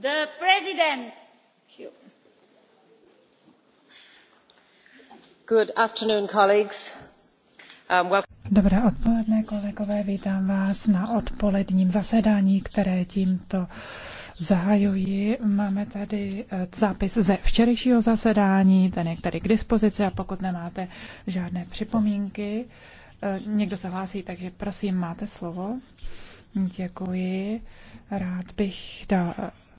Um, Dobré odpoledne, kolegové, vítám vás na odpoledním zasedání, které tímto zahajuji. Máme tady eh, zápis ze včerejšího zasedání, ten je tady k dispozici a pokud nemáte žádné připomínky, eh, někdo se hlásí, takže prosím, máte slovo. Děkuji. Rád bych dal